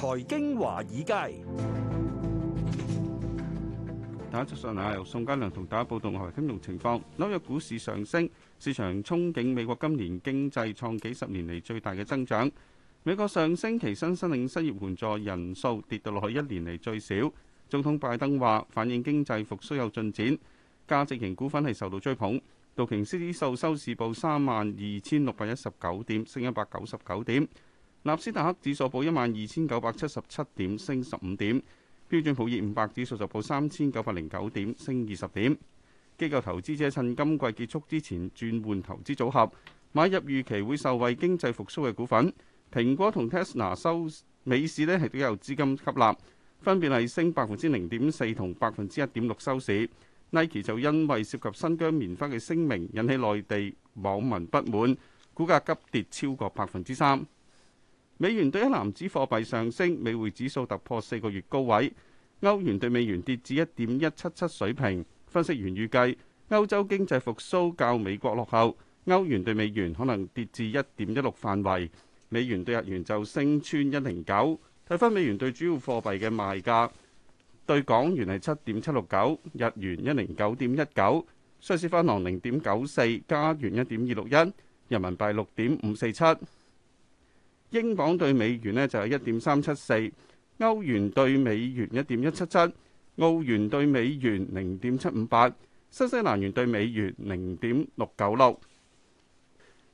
財經華爾街，大家早上好，由宋家良同大家報道外圍金融情況。紐約股市上升，市場憧憬美國今年經濟創幾十年嚟最大嘅增長。美國上星期新申領失業援助人數跌到落去一年嚟最少。總統拜登話反映經濟復蘇有進展，價值型股份係受到追捧。道瓊斯指數收市報三萬二千六百一十九點，升一百九十九點。納斯達克指數報一萬二千九百七十七點，升十五點。標準普爾五百指數就報三千九百零九點，升二十點。機構投資者趁今季結束之前轉換投資組合，買入預期會受惠經濟復蘇嘅股份。蘋果同 Tesla 收美市呢，係都有資金吸納，分別係升百分之零點四同百分之一點六收市。Nike 就因為涉及新疆棉花嘅聲明引起內地網民不滿，股價急跌超過百分之三。美元對一籃子貨幣上升，美匯指數突破四個月高位。歐元對美元跌至一點一七七水平。分析員預計，歐洲經濟復甦較美國落後，歐元對美元可能跌至一點一六範圍。美元對日元就升穿一零九。睇返美元對主要貨幣嘅賣價，對港元係七點七六九，日元一零九點一九，瑞士法郎零點九四，加元一點二六一，人民幣六點五四七。英鎊對美元呢就係一點三七四，歐元對美元一點一七七，澳元對美元零點七五八，新西蘭元對美元零點六九六。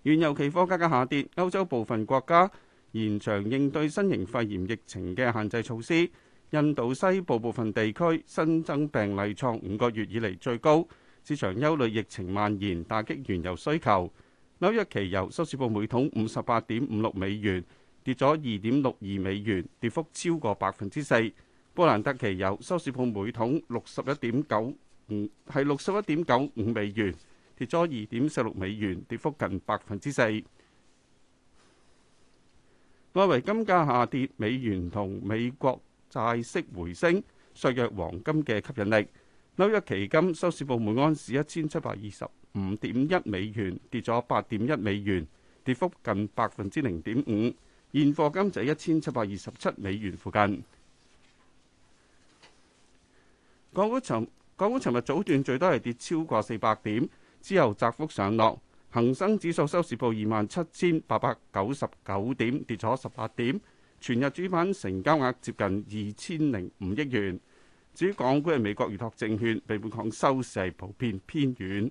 原油期貨價格下跌，歐洲部分國家延長應對新型肺炎疫情嘅限制措施。印度西部部分地區新增病例創五個月以嚟最高，市場憂慮疫情蔓延，打擊原油需求。紐約期油收市報每桶五十八點五六美元，跌咗二點六二美元，跌幅超過百分之四。布蘭特期油收市報每桶六十一點九五，係六十一點九五美元，跌咗二點四六美元，跌幅近百分之四。外圍金價下跌，美元同美國債息回升，削弱黃金嘅吸引力。紐約期金收市報每盎司一千七百二十五點一美元，跌咗八點一美元，跌幅近百分之零點五。現貨金就一千七百二十七美元附近。港股尋港股尋日早段最多係跌超過四百點，之後窄幅上落。恒生指數收市報二萬七千八百九十九點，跌咗十八點。全日主板成交額接近二千零五億元。至於港股係美國預託證券，被本港收市普遍偏軟。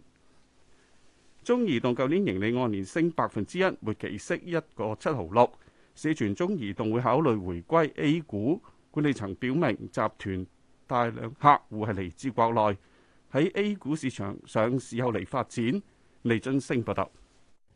中移動舊年盈利按年升百分之一，末期息一個七毫六。市傳中移動會考慮回歸 A 股，管理層表明集團大量客戶係嚟自國內，喺 A 股市場上市後嚟發展。李俊升報道。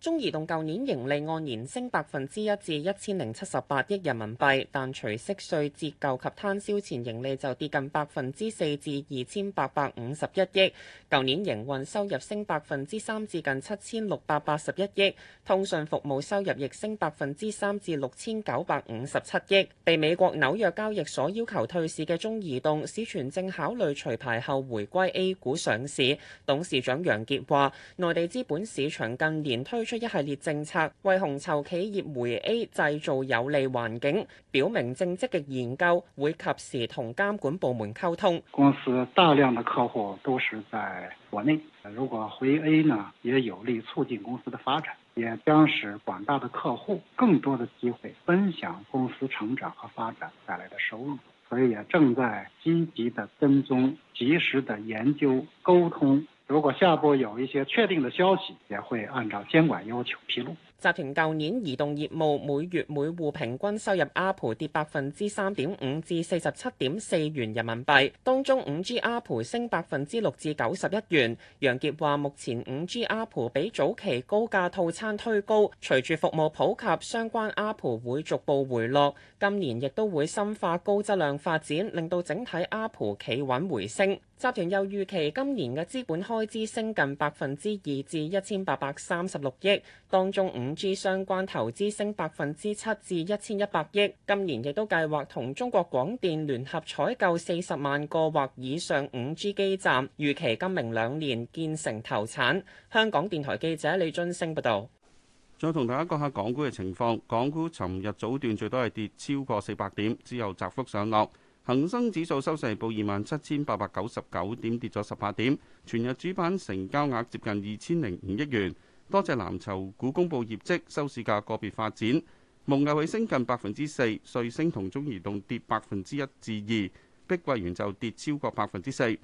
中移動舊年盈利按年升百分之一至一千零七十八億人民幣，但除息稅折舊及攤銷前盈利就跌近百分之四至二千八百五十一億。舊年營運收入升百分之三至近七千六百八十一億，通訊服務收入亦升百分之三至六千九百五十七億。被美國紐約交易所要求退市嘅中移動，市傳正考慮除牌後回歸 A 股上市。董事長楊傑話：內地資本市場近年推出出一系列政策，為紅籌企業回 A 製造有利環境，表明正積極研究，會及時同監管部門溝通。公司大量的客戶都是在國內，如果回 A 呢，也有利促進公司的發展，也將使廣大的客戶更多的機會分享公司成長和發展帶來的收入，所以也正在積極的跟蹤、及時的研究、溝通。如果下步有一些確定的消息，也會按照監管要求披露。集團舊年移動業務每月每戶平均收入 ARPU 跌百分之三點五至四十七點四元人民幣，當中五 G ARPU 升百分之六至九十一元。楊傑話：目前五 G ARPU 比早期高價套餐推高，隨住服務普及，相關 ARPU 會逐步回落。今年亦都會深化高質量發展，令到整體 ARPU 企穩回升。集團又預期今年嘅資本開支升近百分之二至一千八百三十六億，當中五。五 G 相關投資升百分之七至一千一百億，今年亦都計劃同中國廣電聯合採購四十萬個或以上五 G 基站，預期今明兩年建成投產。香港電台記者李津升報道：「再同大家講下港股嘅情況，港股尋日早段最多係跌超過四百點，之後窄幅上落。恒生指數收市報二萬七千八百九十九點，跌咗十八點。全日主板成交額接近二千零五億元。多隻藍籌股公佈業績，收市價個別發展。蒙牛會升近百分之四，瑞星同中移動跌百分之一至二，碧桂園就跌超過百分之四。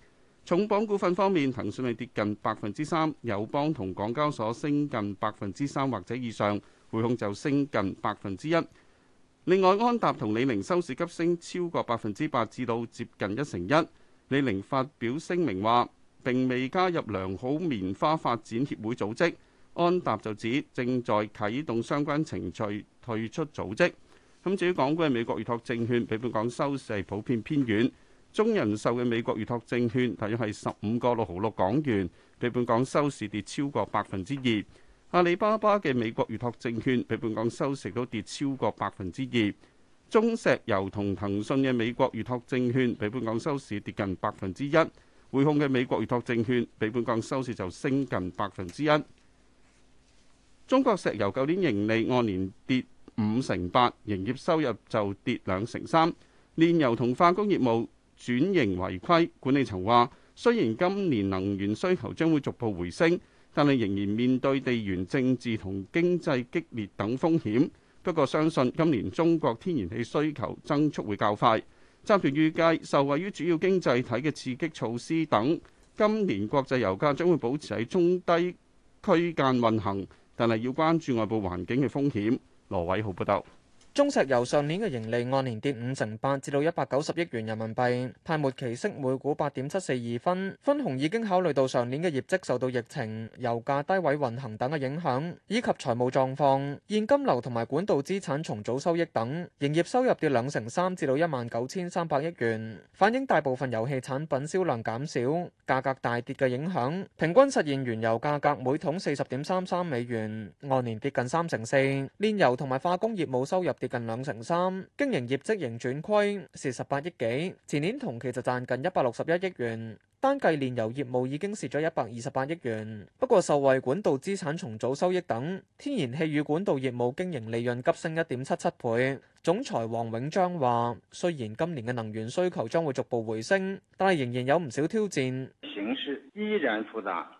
重磅股份方面，騰訊會跌近百分之三，友邦同港交所升近百分之三或者以上，匯控就升近百分之一。另外，安踏同李寧收市急升超過百分之八至到接近一成一。李寧發表聲明話，並未加入良好棉花發展協會組織。安踏就指正在啟動相關程序退出組織。咁至於港股嘅美國預託證券，比本港收市普遍偏遠。中人壽嘅美國預託證券，大約係十五個六毫六港元，比本港收市跌超過百分之二。阿里巴巴嘅美國預託證券，比本港收市都跌超過百分之二。中石油同騰訊嘅美國預託證券，比本港收市跌近百分之一。匯控嘅美國預託證券，比本港收市就升近百分之一。中國石油舊年盈利按年跌五成八，營業收入就跌兩成三。煉油同化工業務轉型違規，管理層話雖然今年能源需求將會逐步回升，但係仍然面對地緣政治同經濟激烈等風險。不過相信今年中國天然氣需求增速會較快。集團預計受惠於主要經濟體嘅刺激措施等，今年國際油價將會保持喺中低區間運行。但係要關注外部環境嘅風險。羅偉浩報道。中石油上年嘅盈利按年跌五成八，至到一百九十億元人民幣，派末期息每股八點七四二分，分紅已經考慮到上年嘅業績受到疫情、油價低位運行等嘅影響，以及財務狀況、現金流同埋管道資產重組收益等。營業收入跌兩成三，至到一萬九千三百億元，反映大部分油氣產品銷量減少、價格大跌嘅影響。平均實現原油價格每桶四十點三三美元，按年跌近三成四。煉油同埋化工業務收入，近兩成三，經營業績盈轉虧，蝕十八億幾。前年同期就賺近一百六十一億元，單計煉油業務已經蝕咗一百二十八億元。不過，受惠管道資產重組收益等，天然氣與管道業務經營利潤急升一點七七倍。總裁黃永章話，雖然今年嘅能源需求將會逐步回升，但係仍然有唔少挑戰，形勢依然複雜。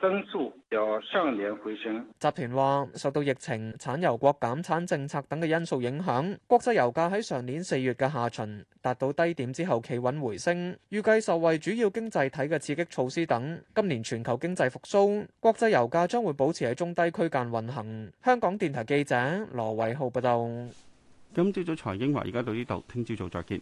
增速由上年回升。集團話，受到疫情、產油國減產政策等嘅因素影響，國際油價喺上年四月嘅下旬達到低點之後企穩回升。預計受惠主要經濟體嘅刺激措施等，今年全球經濟復蘇，國際油價將會保持喺中低區間運行。香港電台記者羅偉浩報道。今朝早財經華爾街而家到呢度，聽朝早再見。